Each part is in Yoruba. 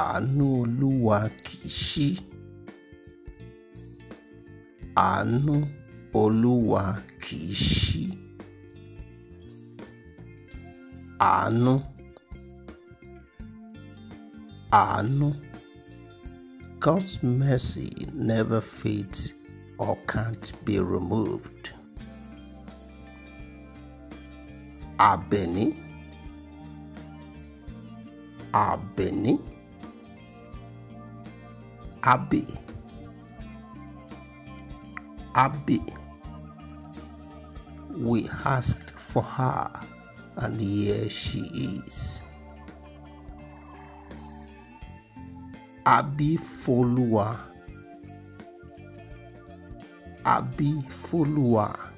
àánú olúwa kì í ṣí àánú olúwa kì í ṣí àánú àánú God's mercy never fades or can't be removed. Àbẹ̀ní Àbẹ̀ní. Abby, Abby, We asked for her, and here she is. Abby Folua. Abby Folua.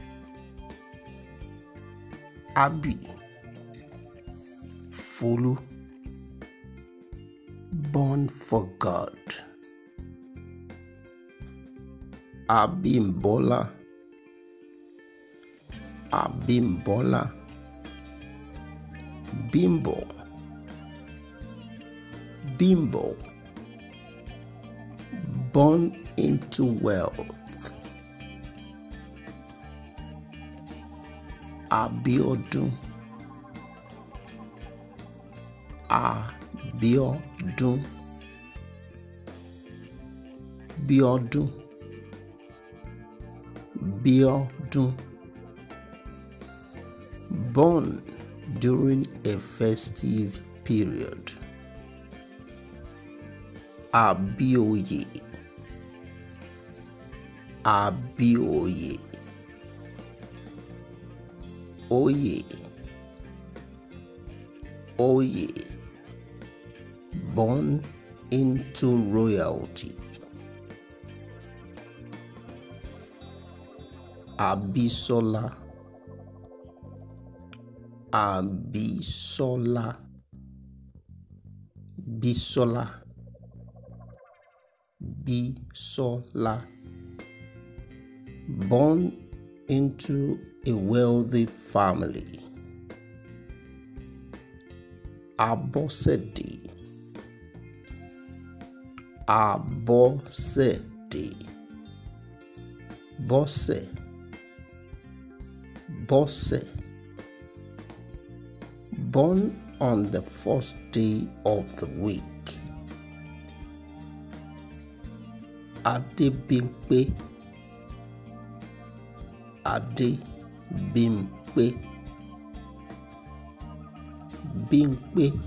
Abby Folu. Born for God. Abímbọ́lá Abímbọ́lá Bimbo, Bimbo, born into wealth Abíọ́dún Abíọ́dún Bíọ́dún. Biodun, born during a festive period. Abioye, Abioye, Oye, Oye, born into royalty. Abisola. Abisola. Bisola. Bisola. Born into a wealthy family. Abosedi. Abosedi. Bosse. Bosse, born on the first day of the week. Adebimpe, Adebimpe, Bimpe,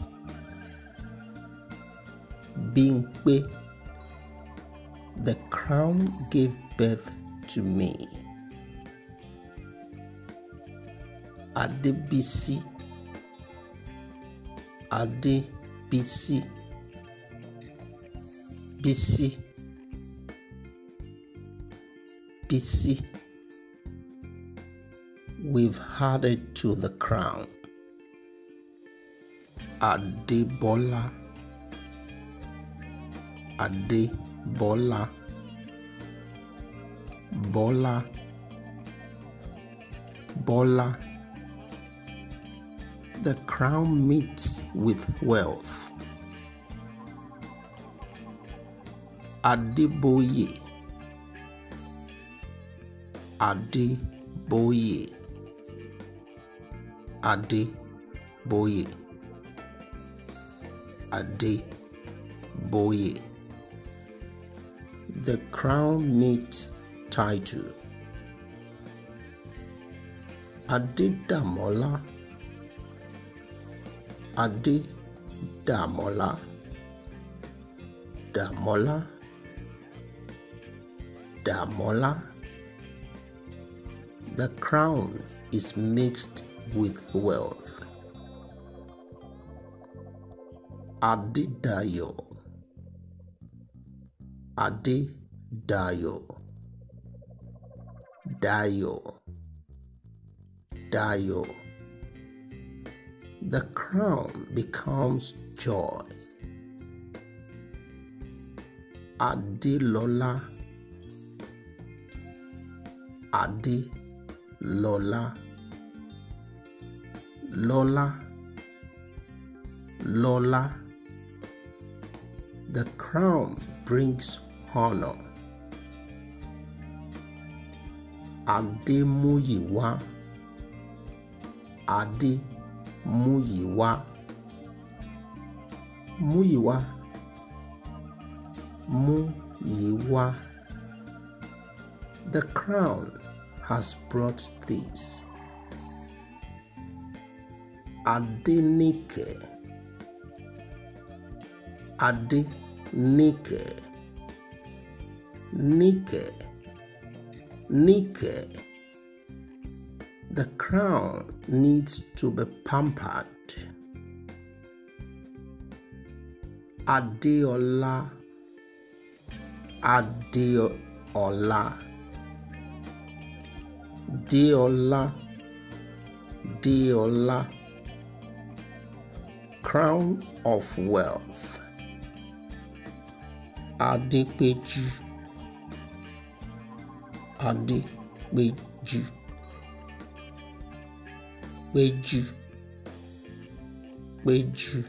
Bimpe. The crown gave birth to me. Adebisi. Adebisi. bc, bc. We've added to the crown. Adebola. Adebola. Bola. Bola. The crown meets with wealth. Adiboye, Adiboye, Adiboye, Adiboye. The crown meets title. Adedamola. Adi Damola. Damola. Damola. The crown is mixed with wealth. Dayo Adidayo. Dayo Dayo. Dayo the crown becomes joy. Lola. Adi Lola Lola Lola The crown brings honor Adi Ade, Muyiwa, Múyìwá Múyìwá Múyìwá The crown has brought this. Adenike Adenike Nike Nike The crown needs to be pampered. Adeola, Adeola, Deola, Deola, crown of wealth. Adepeju, Adepeju. Peju. Peju.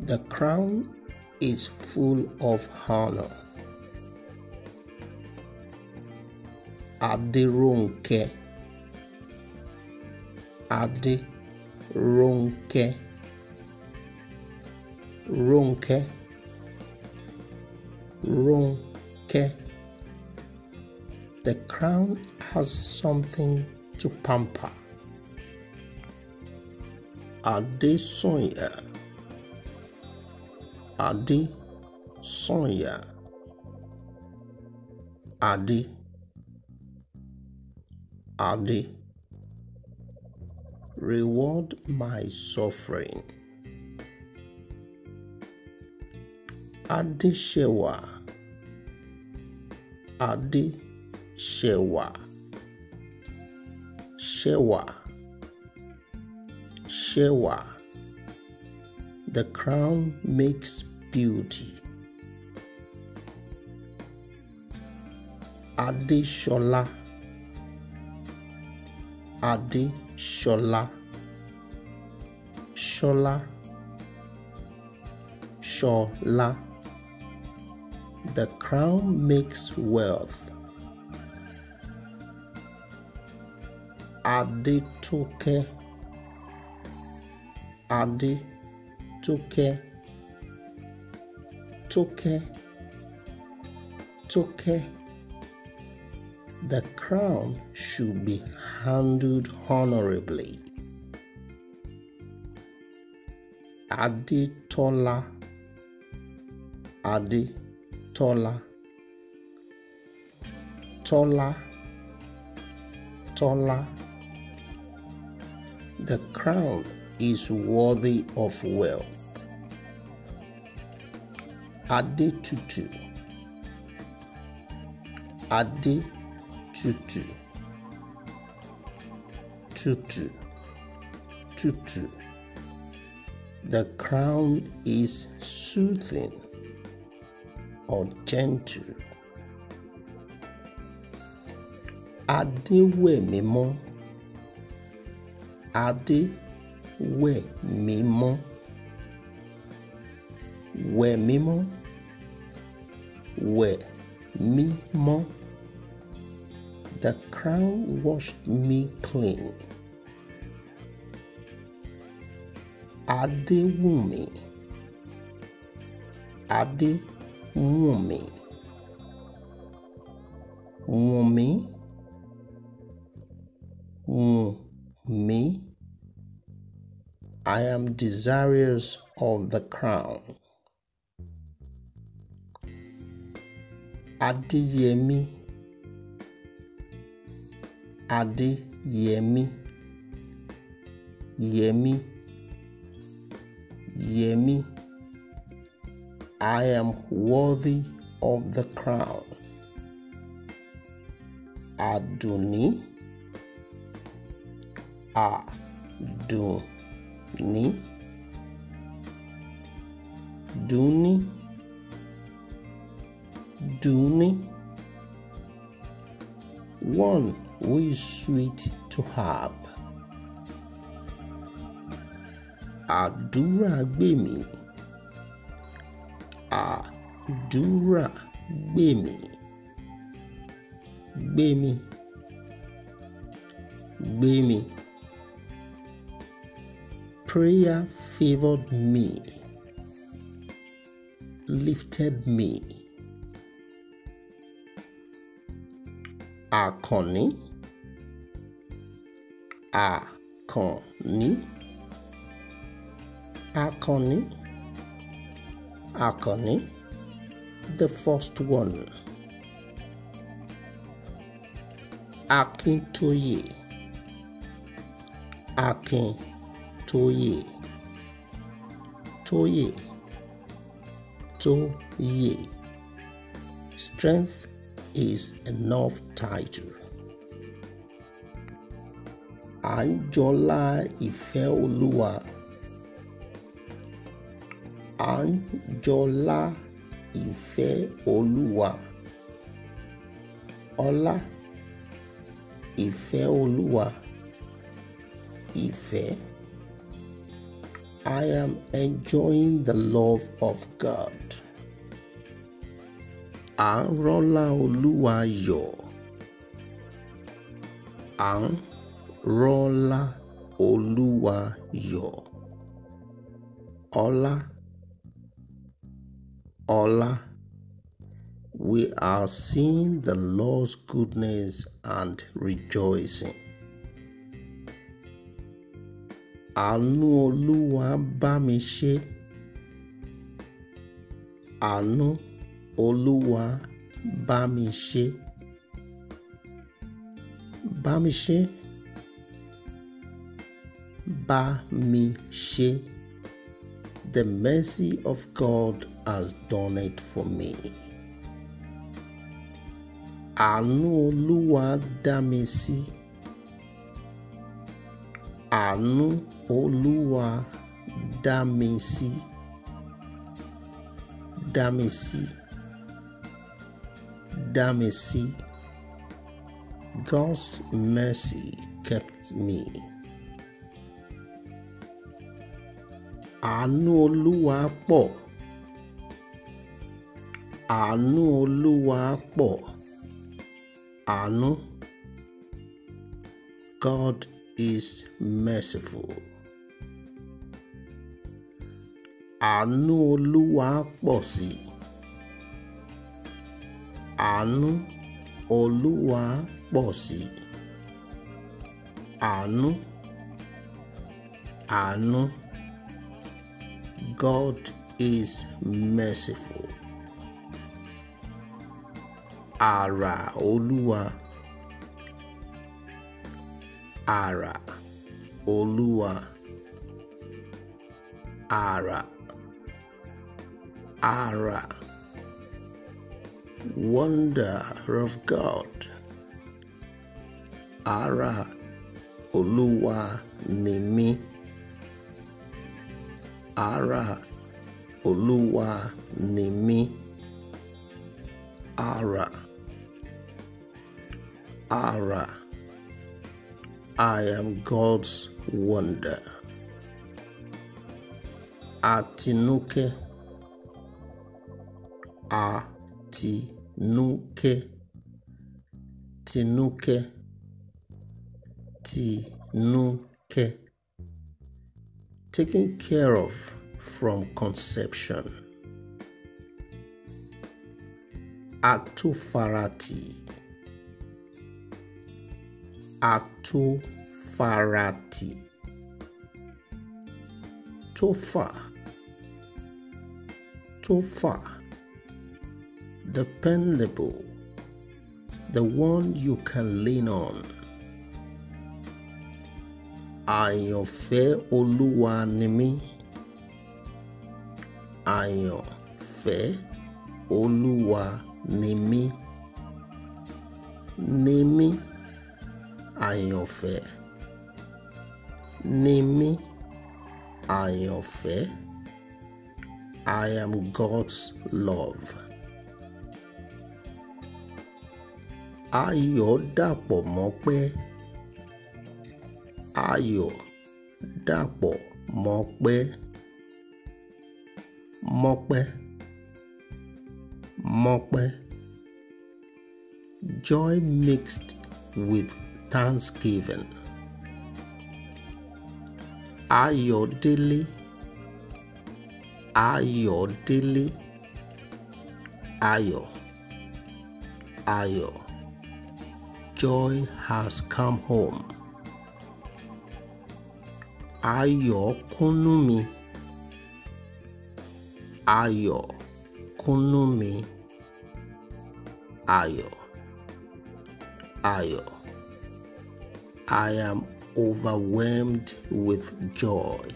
The crown is full of honor. Aderonke. Aderonke. Ronke. Ronke. The crown has something to pamper. Adesanya Adesanya Adé Adé Reward my suffering Adéṣẹwà Adéṣẹwà Shewa. Ṣẹwà. Shewa. The crown makes beauty. Adi shola. Adi Shola. Shola. Shola. The crown makes wealth. Adi Adetoke. Adi, Tókẹ́ Tókẹ́ Tókẹ́. The crown should be handled honorably. Adi, tola, adi, tola, Tola Tola The crown is worthy of wealth. Ade Tutu. Ade Tutu. Tutu. Tutu. The crown is soothing or gentle. Adéwèmímọ́ Adé wẹ̀ me, mọ́ wẹ̀ me, mọ́ wẹ̀ me, mọ́ the crown washed me clean. Adéwùmí Adéwùmí wùmí wùmí. I am desirous of the crown. Yemi. Adi Yemi. Yemi. I am worthy of the crown. Aduni. Adoni. ní dùn ní dùn ní. One who is sweet to have. Àdúrà gbèmí. Àdúrà gbèmí. Gbèmí. Gbèmí prayer favored me, lifted me. Akoni, Akoni, Akoni, Akoni. the first one. Akíntóyè Akíntóyè. Tóyè Tóyè Tóyè Strength is enough title. Àńjọlá Ìfẹ́olúwa Àńjọlá Ìfẹ́olúwa Ọlá Ìfẹ́olúwa Ìfẹ́. I am enjoying the love of God. À ń rọ́lá Olúwa yọ̀. À ń rọ́lá Olúwa yọ̀. Ọlá. Ọlá. We are seeing the Lord's goodness and rejoicing. àánú Olúwa bá mi ṣe àánú Olúwa bá mi ṣe bá mi ṣe bá mi ṣe the mercy of God has done it for me àánú Olúwa dá mi sí àánú. Olúwa dá mi sí dá mi sí dá mi sí God's mercy kept me. Àánú Olúwa pọ̀ àánú Olúwa pọ̀ àánú God is merciful. àánú olúwa pọ̀ sí i àánú olúwa pọ̀ sí i àánú àánú God is merciful Ara olúwa Ara olúwa Ara. Ara, wonder of God. Ara, Oluwa Nimi. Ara, Oluwa Nimi. Ara, Ara. I am God's wonder. Atinuke. àtinúkẹ́ tinúkẹ́ tinúkẹ́ taken care of from conception àtòfaratì farati, tó farati, tofa, tofa. dependable, the one you can lean on. Àyànfẹ́ Olúwa ni mí. Àyànfẹ́ Olúwa ni mí. Ni mí àyànfẹ́. Ni mí àyànfẹ́. I am God's love. Ayọ̀ dàpọ̀ mọ́pẹ́. Ayọ̀ dàpọ̀ mọ́pẹ́. Mọ́pẹ́. Mọ́pẹ́. Joy mixed with thanksgiving. Ayọ̀délé. Ayọ̀délé. Ayọ̀. Ayọ̀. joy has come home. Ayọ̀ konumi. Ayọ̀ kúnnú Ayọ̀. Ayọ̀. I am overwhelmed with joy.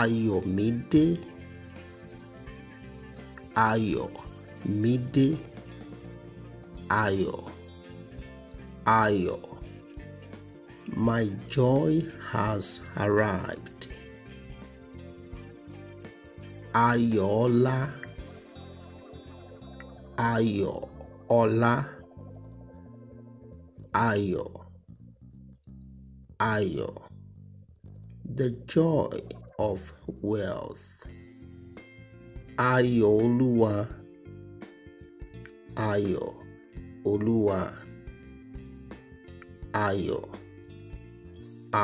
Ayọ̀ midi. Ayọ̀ midi. Ayo. Ayo. My joy has arrived. Ayola. Ayo. Ola. Ayo. Ayo. The joy of wealth. Ayo, Ayolua. Ayo. Olúwa ayọ̀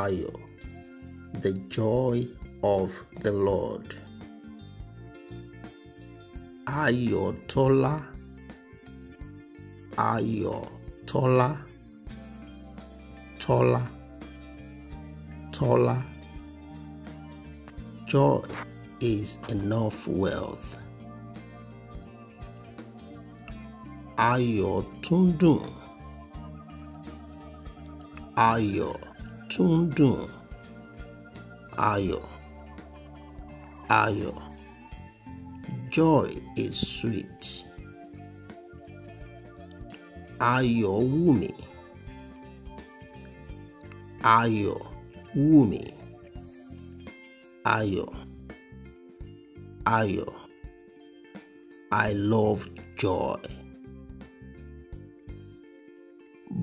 ayọ̀ the joy of the Lord ayo, tola, Tọ́lá Tọ́lá joy is enough wealth. ayọ̀ tún dùn ayọ̀ tún dùn ayọ̀ ayọ̀ joy is sweet ayọ̀ wù mí ayọ̀ wù mí ayọ̀ ayọ̀ I love joy.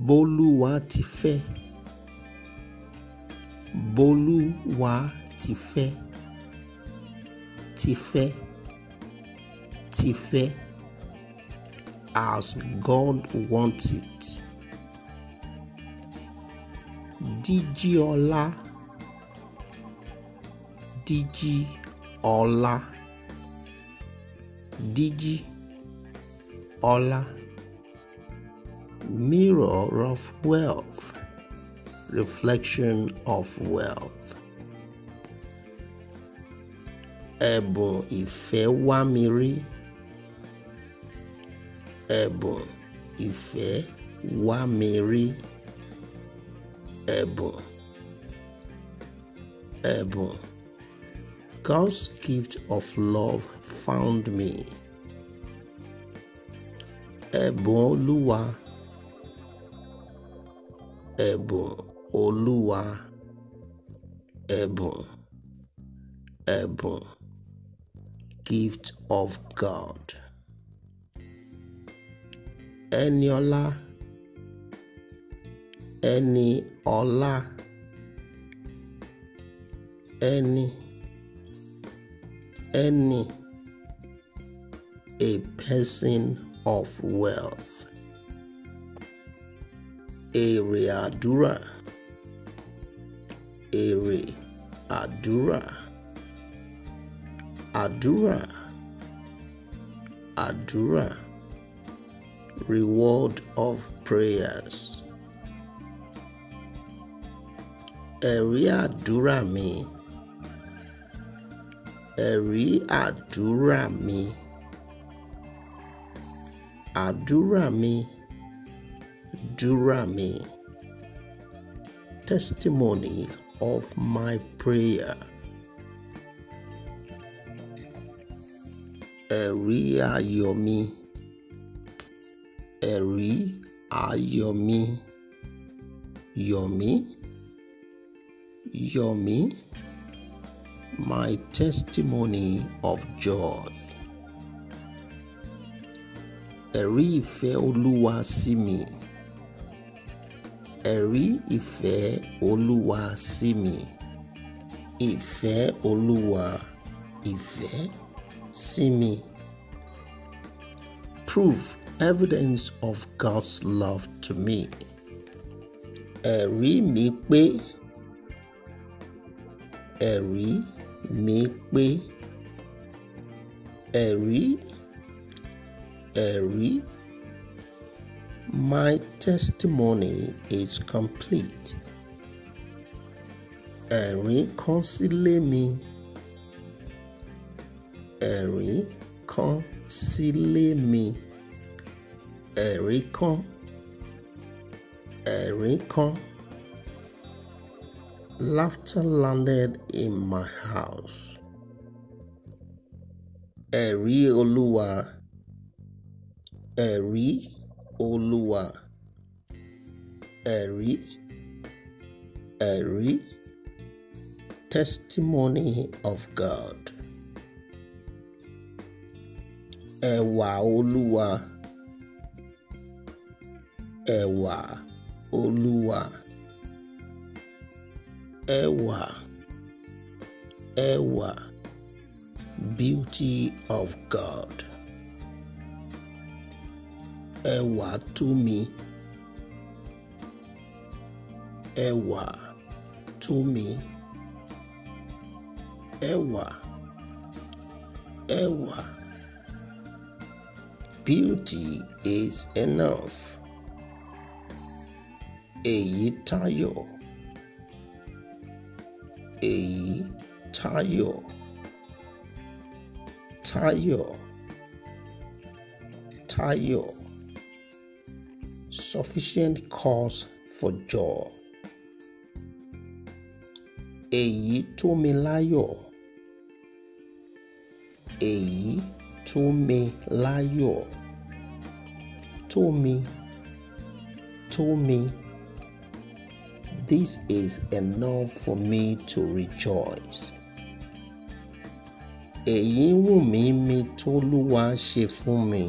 Bólúwa ti fẹ́. Bólúwa ti fẹ́. Ti fẹ́. Ti fẹ́. As God wants it. Díjíọlá. Díjíọlá. Díjíọlá. mirror of wealth, reflection of wealth. Ebo ìfẹ́ wá Ebo ìfẹ́ wá Ebo. Ebo. God's gift of love found me. Ebo Olúwa ẹ̀bùn Olúwa ẹ̀bùn ẹ̀bùn gift of God ẹni ọlá ẹni ọlá ẹni ẹni a person of wealth èrè àdúrà èrè àdúrà àdúrà àdúrà reward of prayers ẹ̀rí àdúrà mi ẹ̀rí àdúrà àdúrà àdúrà Testimony of my prayer. Ẹ̀rí ayọ̀ mi. Ẹ̀rí ayọ̀ Yomi. My testimony of joy. Ẹ̀rí ìfẹ́ Olúwa ẹ̀rí ìfẹ́ Olúwa sí mi. Ìfẹ́ Olúwa ìfẹ́ sí mi. Proof evidence of God's love to me. Ẹ̀rí mi pé ẹ̀rí mi pé ẹ̀rí ẹ̀rí. My testimony is complete. A kan me. A Ẹ̀rín me. A mi. A kan. Laughter landed in my house. Ẹ̀rí A Ẹ̀rí. Olúwa. Ẹ̀rí ẹ̀rí testimony of God. Ẹ̀wà Olúwa. Ẹ̀wà Olúwa. Ẹ̀wà Ẹ̀wà beauty of God. ẹwà tó me. ẹwà tó me. ẹwà ẹwà beauty is enough èyí tayọ èyí tayọ tayọ tayọ. sufficient cause for joy. Èyí tó mi láyọ̀. Èyí tó mi láyọ̀. Tó mi. Tó mi. This is enough for me to rejoice. Èyí wù mí mi tó lúwa ṣe fún mi.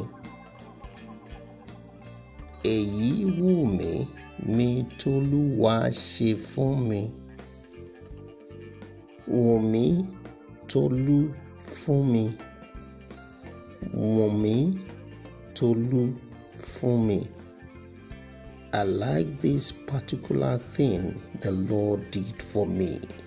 èyí wù mí mi tólúwa ṣe fún mi wù mí tólú fún mi wù mí tólú fún mi. I like this particular thing the Lord did for me.